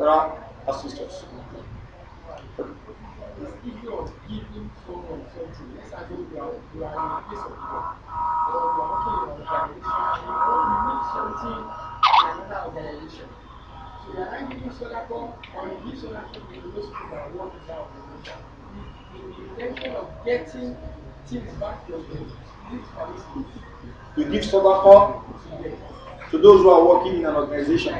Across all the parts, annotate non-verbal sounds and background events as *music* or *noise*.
other assistance. So we give Sodako that work to those who are working in an organization.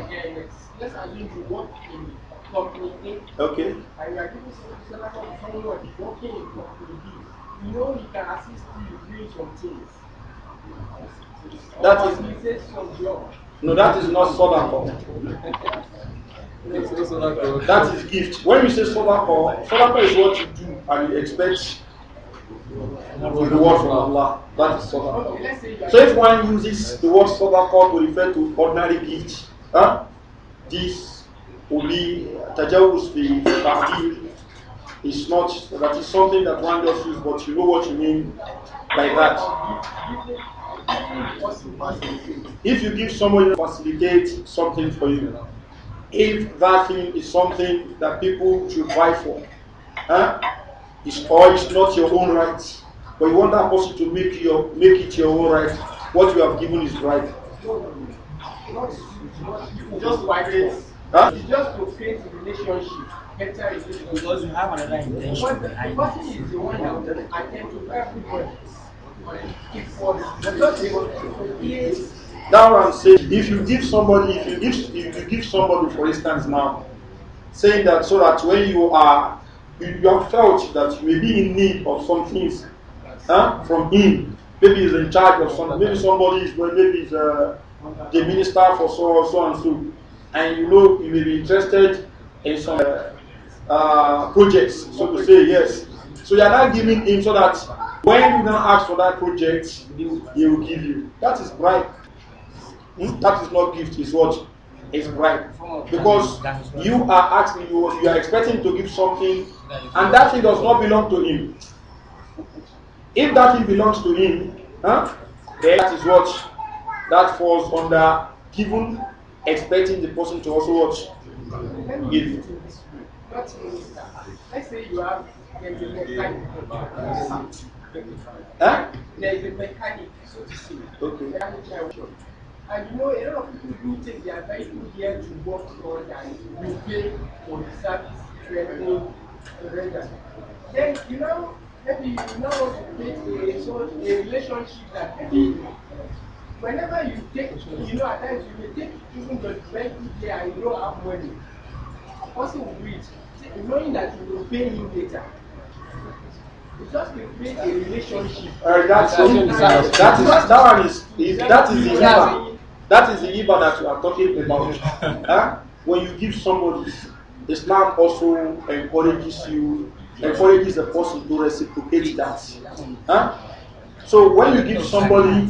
Let's you work in company A. Okay. And you are giving someone working in company B. You know he can assist you doing some things. That is. No, that is not sodaka. that is gift. When you say sodaka, sodaka is what you do and you expect the word from Allah. That is sadaqah. So if one uses the word sadaqah to refer to ordinary gift, huh, this will be tajawuz the ta'dil. It's not that is something that one just use, but you know what you mean by that. If you give someone to facilitate something for you, if that thing is something that people should buy for, huh? It's all it's not your own right. But you want that person to make your make it your own right. What you have given is right. just like this? It's just to create a relationship. Because you have another intention. But the, person is the one that will to everybody. That one says, if you give somebody, if you give, if you give somebody, for instance, now, saying that so that when you are you have felt that you may be in need of some things huh, from him. Maybe he's in charge of something. Maybe somebody is maybe he's uh, the minister for so, so and so. And you know you may be interested in some uh, uh, projects, so to say, yes. So you are not giving him so that when you now ask for that project, he will give you. That is bribe. Hmm? That is not gift, it's what? It's bribe. Because you are asking, you, you are expecting to give something and that thing does not belong to him. If that thing belongs to him, huh, then that is what that falls under given, expecting the person to also watch. give. a mechanic. Okay. And you know, a lot of people do think they are very here to work on and you pay for the service, training, Then you know, maybe you know make a, so a relationship that maybe whenever you take, you know, at times you may take even the twenty day and you don't have money. A person will do it, knowing that you will pay him later. It's just to create a relationship. Uh, that's so, that, is, that is that one is, is that is the liver. That is the liver that you are talking about. *laughs* huh? When you give somebody Islam also encourages you, encourages the person to reciprocate that. Huh? So when you give somebody,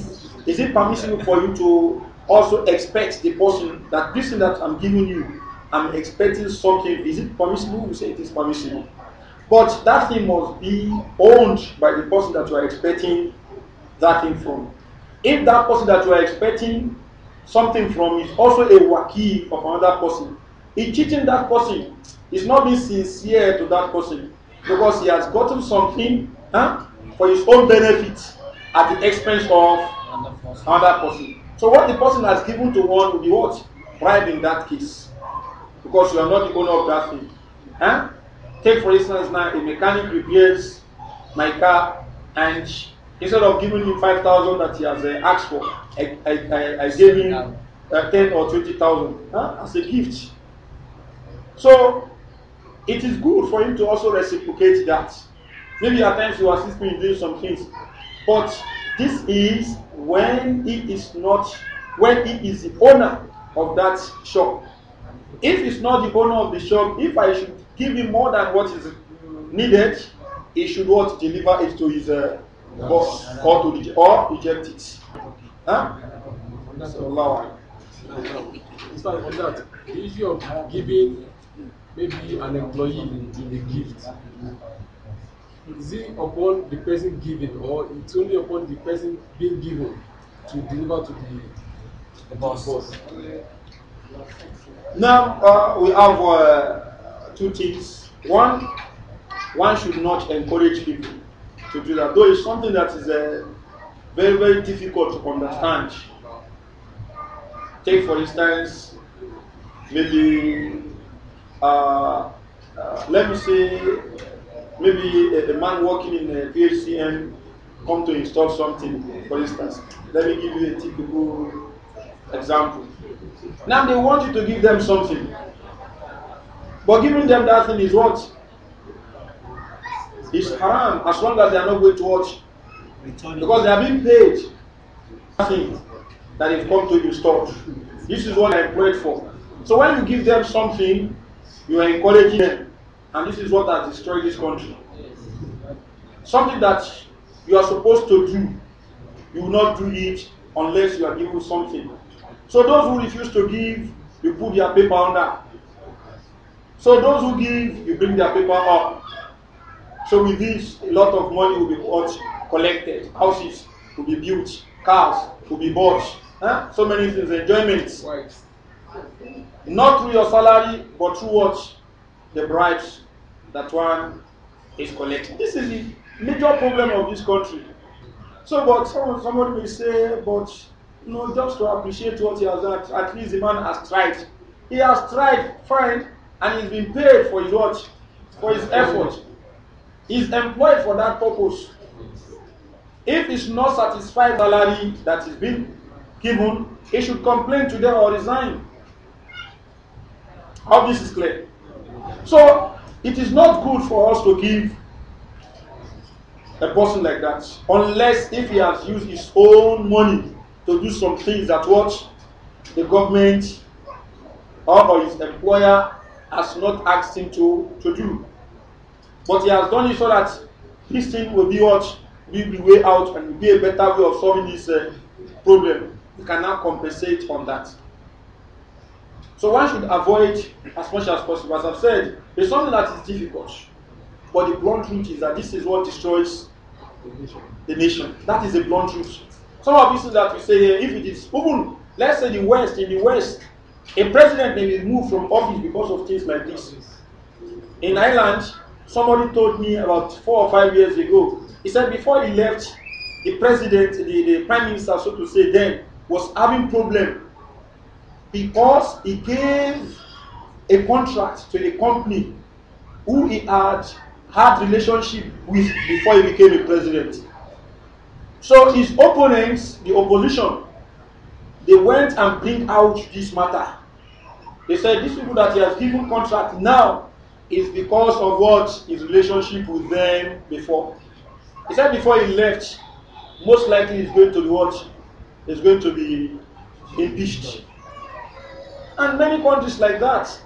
is it permissible for you to also expect the person that this thing that I'm giving you, I'm expecting something. Is it permissible? You say it is permissible. But that thing must be owned by the person that you are expecting that thing from. If that person that you are expecting something from is also a waki of another person, in cheating that person is not being sincere to that person because he has gotten something huh, for his own benefit at the expense of another person. So what the person has given to one will be what? Bribe in that case. Because you are not the owner of that thing. Huh? Take for instance now a mechanic repairs my car and instead of giving him 5,000 that he has uh, asked for, I, I, I, I gave him uh, 10 or 20,000 huh? as a gift. So it is good for him to also reciprocate that. Maybe at times you assist me in doing some things, but this is when he is not, when he is the owner of that shop. If he's not the owner of the shop, if I should give him more than what is needed, he should to deliver it to his uh, boss or to reject, or reject it. Huh? So, all. It's like for that. The issue of giving maybe an employee in a gift. Is it upon the person giving or it's only upon the person being given to deliver to the, the boss? boss? Now uh, we have uh, two things. One, one should not encourage people to do that, though it's something that is uh, very, very difficult to understand. Take, for instance, maybe uh, uh, let me say, maybe a, a, man working in a PHCM come to install something, for instance. Let me give you a typical example. Now they want you to give them something. But giving them that thing is what? It's haram as long as they are not going to watch. Because they are being paid nothing that they've come to install. This is what I prayed for. So when you give them something, You are encouraging them. And this is what has destroyed this country. Something that you are supposed to do, you will not do it unless you are given something. So those who refuse to give, you put their paper under. So those who give, you bring their paper up. So with this, a lot of money will be bought, collected, houses will be built, cars will be bought, huh? so many things, enjoyments. Wives. Not through your salary, but through what? The bribes that one is collecting. This is the major problem of this country. So, but some, somebody may say, but you know, just to appreciate what he has done, at least the man has tried. He has tried, fine, and he's been paid for his what? For his effort. He's employed for that purpose. If he's not satisfied salary that is being given, he should complain to them or resign. How this is clear. So it is not good for us to give a person like that unless if he has used his own money to do some things that what the government or his employer has not asked him to, to do. But he has done it so that this thing will be what will be way out and be a better way of solving this uh, problem. We cannot compensate on that. So one should avoid as much as possible. As I've said, it's something that is difficult. But the blunt truth is that this is what destroys the nation. That is the blunt truth. Some of these things that we say here, if it is even, let's say the West, in the West, a president may be moved from office because of things like this. In Ireland, somebody told me about four or five years ago, he said before he left, the president, the, the prime minister, so to say, then was having problems because he gave a contract to a company who he had had relationship with before he became a president. So his opponents, the opposition, they went and bring out this matter. They said this people that he has given contract now is because of what his relationship with them before. He said before he left, most likely he's going to be what? He's going to be impeached. And many countries like that.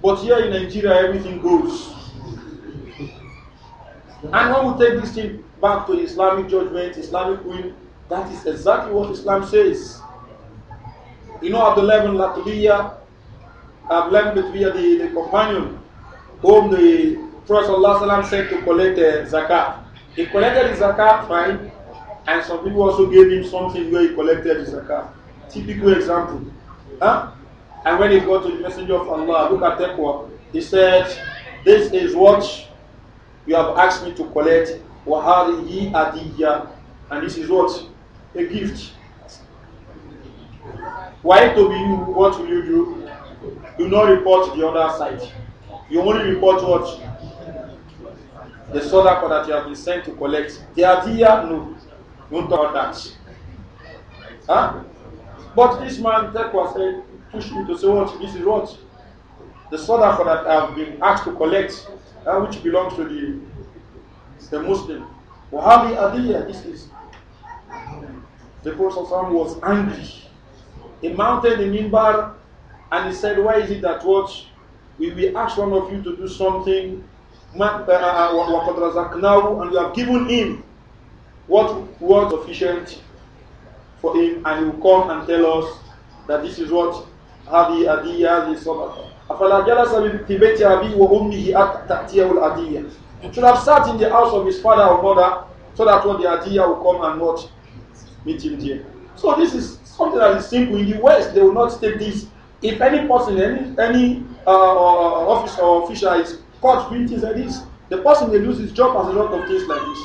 But here in Nigeria, everything goes. And when we take this thing back to Islamic judgment, Islamic will, that is exactly what Islam says. You know, Abdullah ibn Latviya, Abdullah ibn Latviya, the, the companion whom the Prophet ﷺ sent to collect the uh, zakat. He collected the zakat, fine, and some people also gave him something where he collected his zakat. Typical example. Huh? And when he got to the messenger of Allah, look at taqwa, he said, This is what you have asked me to collect, wahadihi adiyya, and this is what? A gift. Why to be you, what will you do? Do not report the other side. You only report what? The sadaqa that you have been sent to collect. The adiyya, no. Don't talk that. Huh? But this man, taqwa said, push me to say, what, this is what? The sadaqah that I've been asked to collect, uh, which belongs to the, the Muslim. Wahabi Adiyah, this is. The Prophet was angry. He mounted the minbar and he said, why is it that what? We we ask one of you to do something uh, uh, uh, and you have given him what was sufficient for him, and he will come and tell us that this is what هذه أدية هذه صدقة أفلا جلس في بيت أبيه وأمه حتى تأتيه الأدية should have sat in the house of his father or mother so that when the idea will come and not meet him there. So this is something that is simple. In the West, they will not take this. If any person, any, any uh, uh officer or official is caught doing things like this, the person may lose his job as a lot of things like this.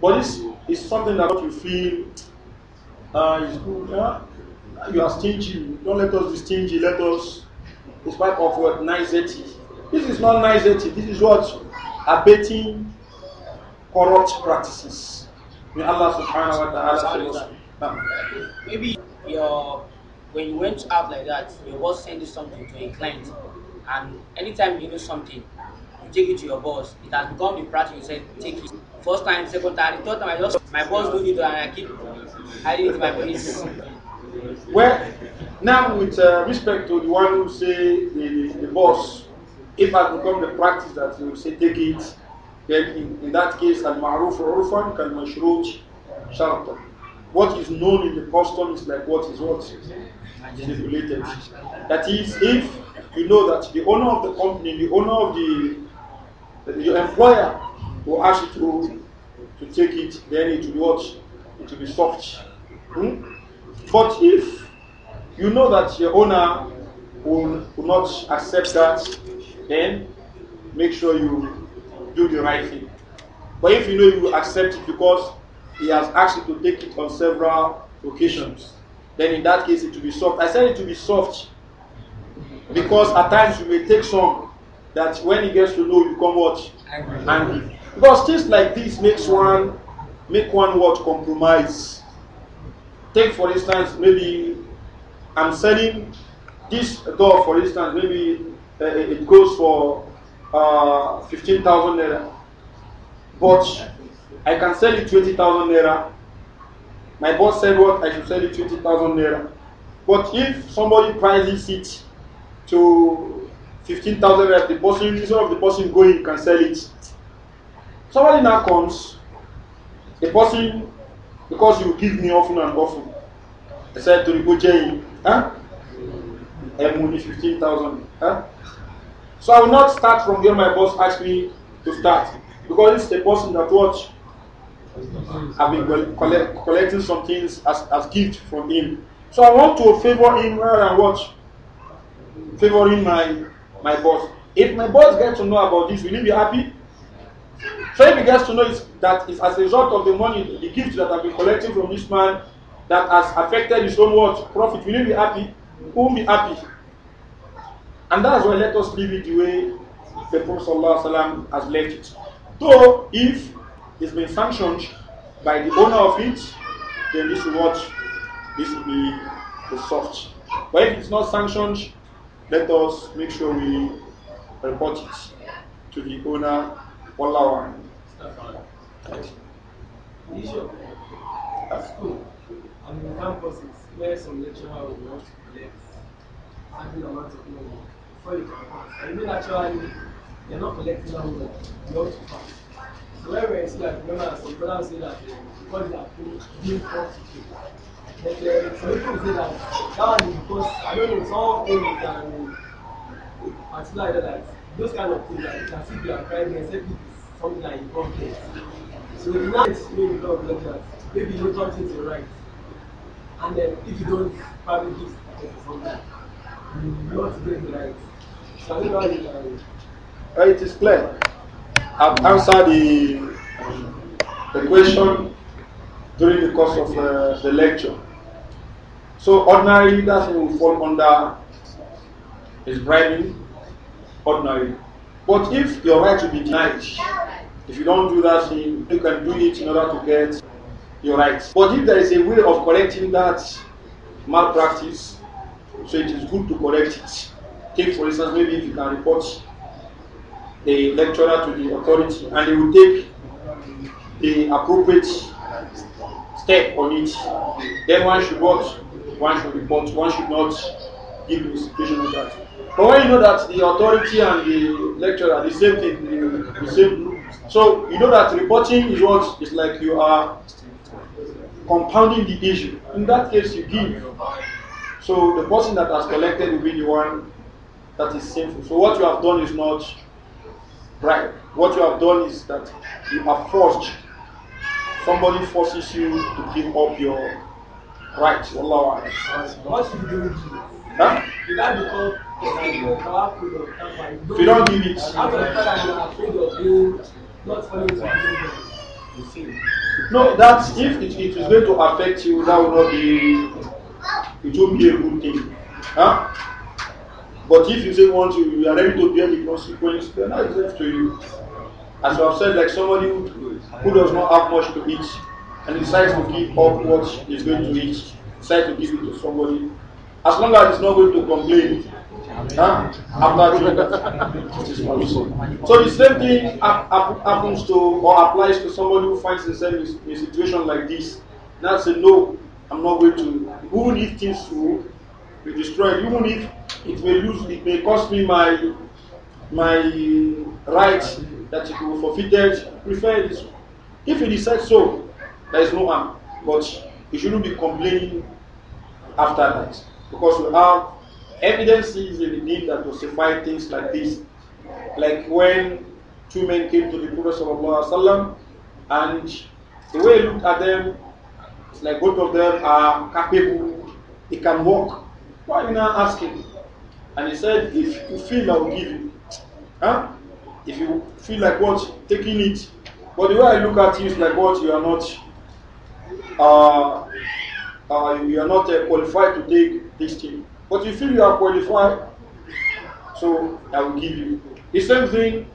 But this is something that you feel uh, is good. Yeah? you are stingy. Don't let us be stingy. Let us, in spite of what nicety. This is not nicety. This is what abating corrupt practices. May Allah Subhanahu wa Taala Maybe your when you went out like that, your boss sent you something to a client, and anytime you do something, you take it to your boss. It has become the practice. You said take it. First time, second time, third time, I just my boss do it and I keep hiding it to my police. Well, now with uh, respect to the one who say the, the, the boss, if I become the practice that you say take it, then in, in that case, al-ma'ruf urfan kal mashruj What is known in the custom is like what is what stipulated. That is, if you know that the owner of the company, the owner of the your employer will ask you to to take it, then it will be what? It will be soft. Hmm? But if you know that your owner will, will not accept that, then make sure you do the right thing. But if you know you accept it because he has asked you to take it on several occasions, then in that case it will be soft. I said it will be soft because at times you may take some that when he gets to know you come what angry. angry. Because things like this makes one make one what compromise. Take for instance, maybe I'm selling this door, for instance, maybe uh, it goes for uh, 15,000 naira. But I can sell it 20,000 naira. My boss said what? I should sell it 20,000 naira. But if somebody prices it to 15,000 naira, the person, instead of the person going, can sell it. Somebody now comes, the person because you give me often and often. I said to Rigoje, huh? Emuni 15,000. Huh? So I will not start from where my boss asked me to start. Because it's the person that watch. I've been collect, collecting some things as, as gift from him. So I want to favor him rather than watch. Favoring my my boss. If my boss gets to know about this, will he be happy? So if he gets to know is that it's as a result of the money, the gift that I've been collecting from this man that has affected his own what profit, will he be happy? Who will be happy? And that's why let us leave it the way the Prophet has left it. Though if it's been sanctioned by the owner of it, then this reward, this will be the soft. But if it's not sanctioned, let us make sure we report it to the owner Wallah Bishop, at school, on the campus, campuses where some lecturer will not collect certain amount of money before you can pass. And you actually, they are not collecting that money, you have to pass. So when we're remember some brothers say that because they are being forced to pay. But some people say that that one is because, I don't know, some things that, particularly that, those kind of things that you can see they are crying and people online. Okay. So if now explain a lot of maybe you don't things you right. And then if you don't probably give something, you not get it right. So I don't know how you can uh, it is clear. I've answered the, the question during the course of uh, the lecture. So ordinary, that will fall under is bribing ordinary. But if your right to be denied if you don't do that, you, can do it in order to get your rights. But if there is a way of correcting that malpractice, so it is good to correct it. Take, for instance, maybe if you can report the lecturer to the authority and they will take the appropriate step on it, then one should what? One should report, one should not give the situation with that. But when you know that the authority and the lecturer are the same thing, the, the same group, so you know that reporting is what is like you are compounding the issue. In that case, you give. So the person that has collected will be the one that is sinful. So what you have done is not right. What you have done is that you have forced. Somebody forces you to give up your rights. What you do? with You got If you don't give it, No, that if it, it is going to affect you, that will not be, it won't be a good thing. Huh? But if you say once to, you are ready to bear the consequence, then that is left to you. As you have said, like somebody who, who does not have much to eat and decides to give up what he's going to eat, decides to give it to somebody. As long as he's not going to complain, Huh? After the So the same thing happens to or applies to somebody who finds himself in a situation like this. Now say, no, I'm not going to. Who if things will be destroyed, even if it may lose, it may cost me my my rights that it will forfeited, prefer this. If you decide so, there is no harm. But you shouldn't be complaining after that because we have evidence in the need that justify things like this. Like when two men came to the Prophet ﷺ and the way he looked at them, it's like both of them are capable, they can walk. Why are you not asking? And he said, if you feel I will give you. Huh? If you feel like what? Taking it. But the way I look at you is like what? You are not uh, uh, you are not uh, qualified to take this thing. But you feel you are qualified, so I will give you. The same thing,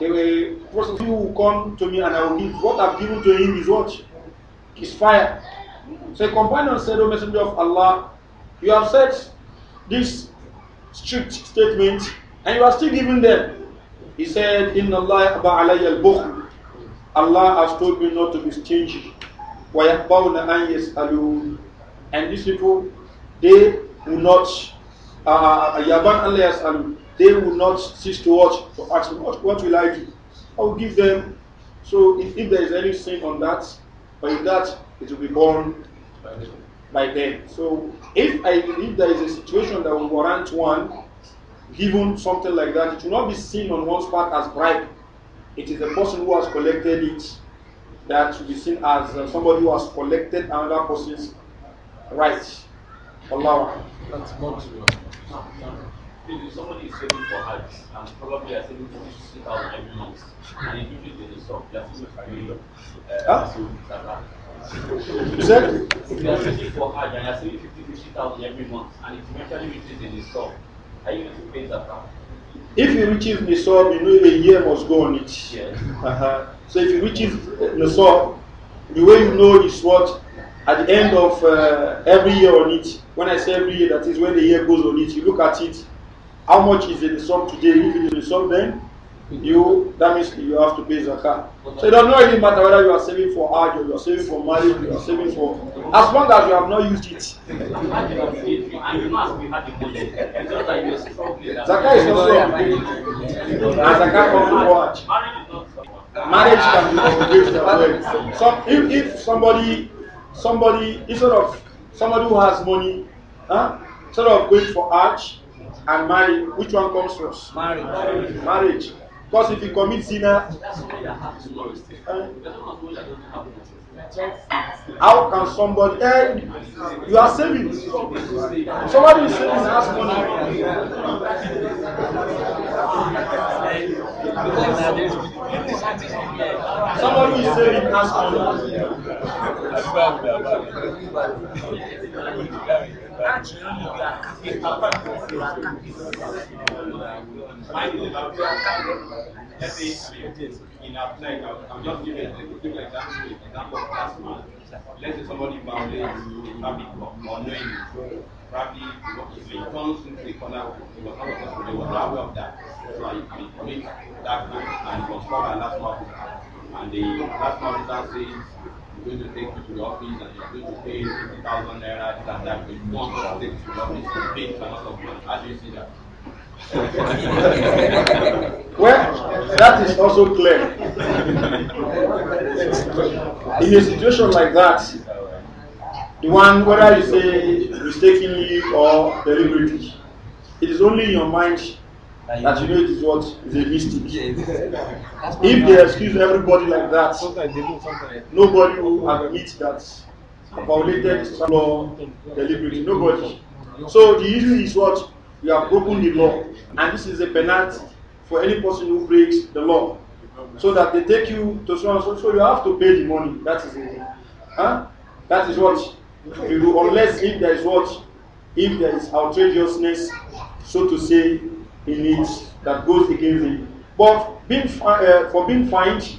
a eh, eh, person who will come to me and I will give. What I've given to him is what? Is fire. So a companion said, O Messenger of Allah, you have said this strict statement and you are still giving them. He said, Inna Allah Allah has told me not to be stingy. And these people, they will not uh, uh, uh they will not cease to watch to ask me, what, what will I do? I will give them. So if, if there is any sin on that, by that it will be borne by them. So if I believe there is a situation that will warrant one given something like that, it will not be seen on one's part as bribe. It is the person who has collected it that should be seen as uh, somebody who has collected another person's rights. Allah. That's not real. If somebody is saving for Hajj and probably are saving for 60,000 every month, and if you do this they are saving for million. Uh, huh? so, If you are reaches the nisab, you know a year must go on it. Yes. Uh-huh. So if it reaches nisab, the way you know is what at the end of uh, every year on it, When I say every year, that is when the year goes on it, you look at it, how much is in the sum today, if it is in the sum then, you, that means you have to pay zakat. So it does not really matter whether you are saving for Hajj or you are saving for marriage, or you are saving for, as long as you have not used it. zakat is not so obligated. Zakat comes from Hajj marriage can be engaged Some, if, if somebody, somebody, instead of Somebody who has money, huh? Instead of going for arch and marry, which one comes first? Marriage. Marriage. Marriage. Because if you commit sinner, How can somebody eh, you are saving? Somebody is saving has money. Somebody is saving has money. Let's say, I mean, in applying, I'll, I'll just give a quick example, example of last month. Let's say somebody violates a traffic law or knowing probably if he turns into a corner, he was not supposed to be aware of that. So I commit that crime and it was called by last officer. And the last officer says, you're going to take you to the office and you're going to pay 50,000 naira, this and that. If want to take to the office, you pay to another How do you see that? well, that is also clear. In a situation like that, the one, whether you say mistakenly or deliberately, it is only in your mind that you know it is what is a mistake. if they excuse everybody like that, nobody will admit that violated law deliberately. Nobody. So the issue is what you have broken the law. And this is a penalty for any person who breaks the law. So that they take you to so and so, so you have to pay the money. That is it. Huh? That is what you do, unless if there is what? If there is outrageousness, so to say, in it that goes against it. But being uh, for being fined,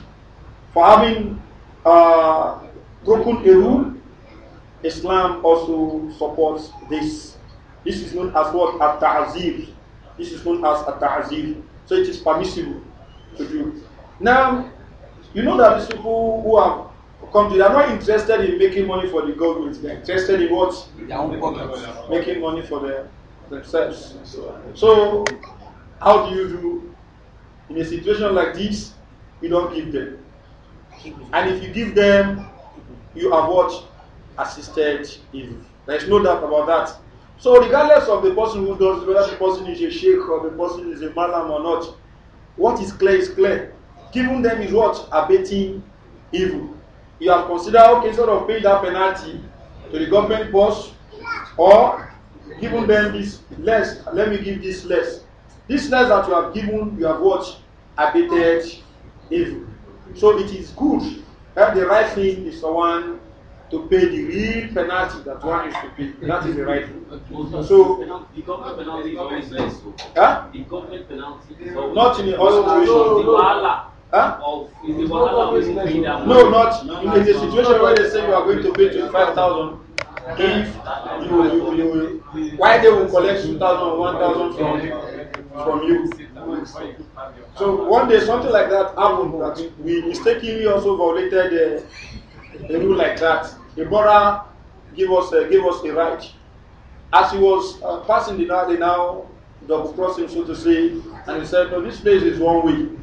for having uh, broken a rule, Islam also supports this. This is known as what? At-ta'zir. This is known as at-ta'zir. So it is permissible to do. Now, you know that these people who have come to, they are not interested in making money for the government. They are interested in what? Their own pockets. Making money for their, themselves. So, how do you do? In a situation like this, you don't give them. And if you give them, you have what? Assisted evil. There is no doubt about that. So regardless of the person who does, whether the person is a sheikh or the person is a malam or not, what is clear is clear. Giving them is what? Abating evil. You have considered, okay, sort of paying that penalty to the government boss or giving them this less, let me give this less. This less that you have given, you have what? Abated evil. So it is good that the right thing is the one to pay the real penalty that one is to pay. That is the right thing. So, the government penalty is always less. Huh? The government penalty is always Not in the other situation. Huh? No, not in the situation where they say you are going to pay 25,000 if you, you, you, you, why they will collect 2,000 or 1,000 from, from you. So one day something like that happened that we mistakenly also violated the rule like that. The brother gave us, uh, us a right. As he was uh, passing the night, now double crossing, so to say, and he said, No, this place is one way.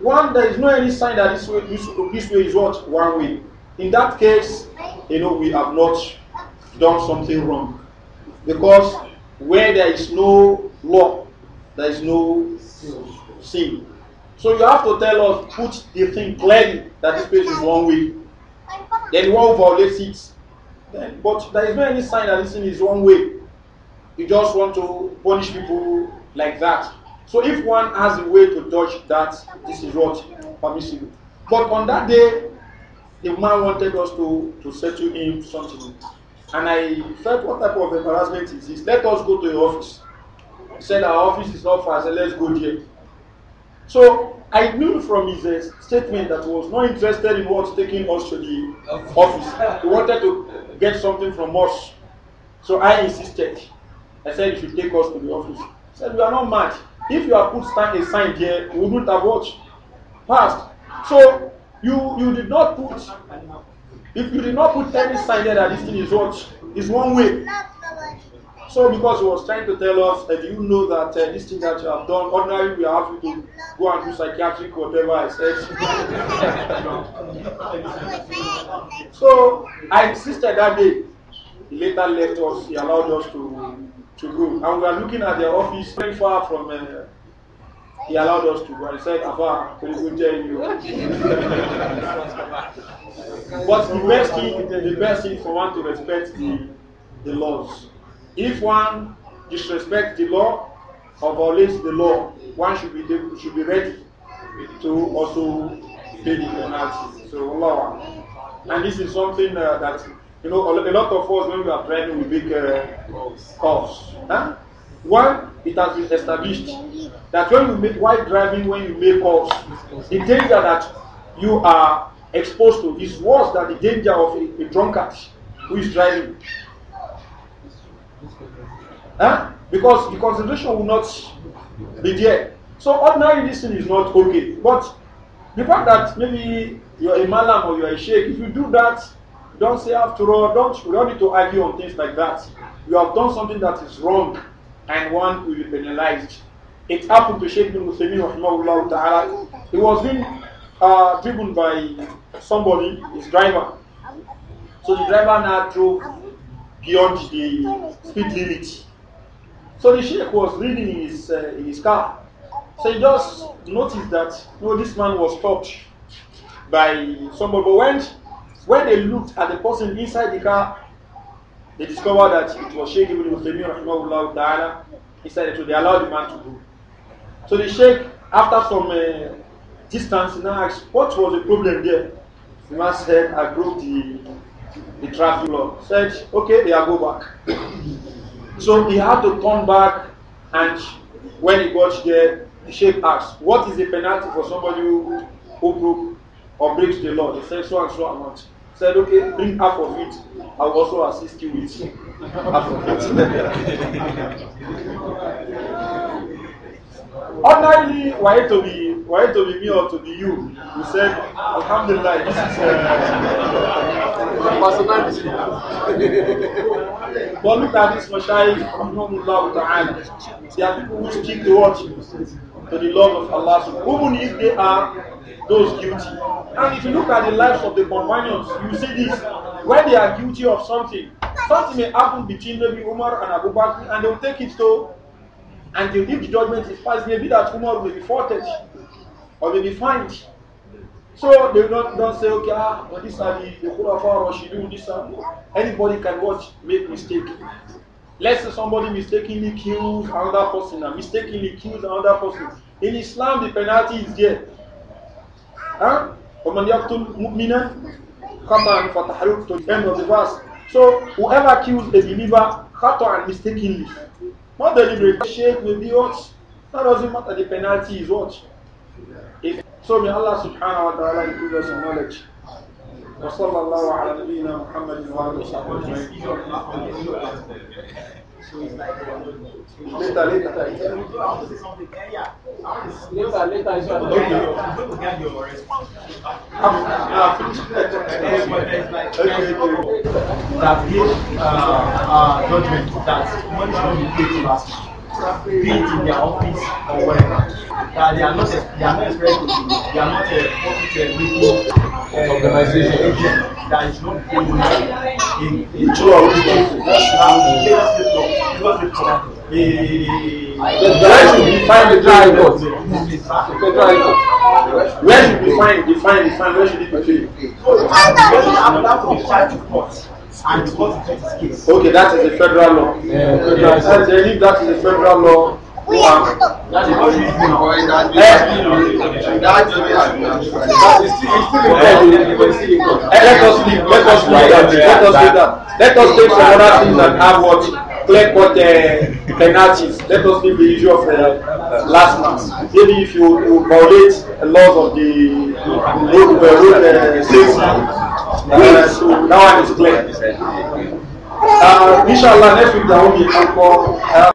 One, there is no any sign that this way, this, this way is what? One way. In that case, you know, we have not done something wrong. Because where there is no law, there is no sin. So you have to tell us, put the thing clearly that this place is one way. Then one violates it. Then, but there is no any sign that this thing is one way. You just want to punish people like that. So if one has a way to dodge that, this is what permissible. But on that day, the man wanted us to, to settle him something. And I felt, what type of embarrassment is this? Let us go to your office. He said, Our office is not far. I said, Let's go there. So I knew from his uh, statement that he was not interested in what's taking us to the office. He wanted to get something from us. So I insisted. I said, You should take us to the office. He said, We are not mad. If you have put stand, a sign here, we wouldn't have watched. Passed. So you you did not put if you did not put any sign there that this thing is what is one way So, because he was trying to tell us, and you know that uh, this thing that you have done, ordinarily we have you to go and do psychiatric whatever I said. *laughs* so, I insisted that day. He later left us, he allowed us to, to go. And we are looking at their office very far from. Uh, he allowed us to go. He said, Afa, can you tell you? *laughs* but the best thing, the best thing for one to respect the, the laws. If one disrespects the law or violates the law, one should be should be ready to also pay the penalty. So Allah. And this is something uh, that you know a lot of us when we are driving we make uh, calls. Huh? One, it has been established that when you make while driving, when you make calls, the danger that you are exposed to is worse than the danger of a, a drunkard who is driving. Huh? Because the concentration will not be there. So ordinary thing is not okay. But the fact that maybe you're a malam or you're a sheikh, if you do that, don't say after all, don't, we don't need to argue on things like that. You have done something that is wrong and one will be penalized. It happened to Sheikh bin Uthaymeen ta'ala. He was being uh, driven by somebody, his driver. So the driver now drove beyond the speed limit. So the sheikh was reading his, uh, in his car. So he just noticed that you know, this man was stopped by somebody. But when, when they looked at the person inside the car, they discovered that it was Sheikh Ibn Uthaymeen ta'ala. He said, so they allowed the man to go. So the Sheikh, after some uh, distance, now asked, what was the problem there? The man said, I broke the, the traffic law. Said, okay, they are go back. So he had to turn back, and when he got there, the sheikh asked, What is the penalty for somebody who, who broke or breaks the law? He said, So and so amount. He said, Okay, bring half of it. I'll also assist you with half of it. *laughs* Ordinarily, why to be why to be me or to be you? You said, Alhamdulillah, this is uh, personality. but look at this Mashaykh, Rahmanullah Ta'ala. There are people who stick the watch to the love of Allah, even if they are those guilty. And if you look at the lives of the companions, you see this. When they are guilty of something, something may happen between maybe Umar and Abu Bakr, and they'll take it to, and if the judgment is passed, maybe that Umar will be faulted or will be fined. So they don't, don't say, okay, ah, but this are the, the Khurafah or Shidu, this are. Anybody can watch, make mistake. Let's say somebody mistakenly kills another person and mistakenly kills another person. In Islam, the penalty is there. Huh? وَمَنْ يَقْتُلْ مُؤْمِنًا خَطَأً فَتَحْرِقُ to the end of the verse. So whoever kills a believer, khata and mistakenly, not deliberately, shape maybe what? That doesn't matter. The penalty is what? So may Allah subhanahu wa ta'ala increase us in knowledge. وصلى الله على نبينا محمد وعلى اله وصحبه Later, later. Later, later. Okay. That gives uh, uh, judgment that one should be paid to last. be in their office or whatever that they are not a, they are not expected to be they are not a profit uh, making uh, organization agent that is not paying money in in two or three months now lagos state law lagos state law the direction we find the dry court the dry court where should we find the find the find where should we pay. so the person after that go fight the court and what is his case. Okay, that is a federal law. Yeah, federal yeah. if that is a federal law, we are. Eh? That is still eh? Let us leave. Let us leave that. Let us leave that. Let us take some other things and have what clear what uh, penalties. Let us leave the issue of last month. Maybe if you, you violate the laws of the road, uh, road safety. Now uh, one is clear. Uh, inshallah, next week there will be a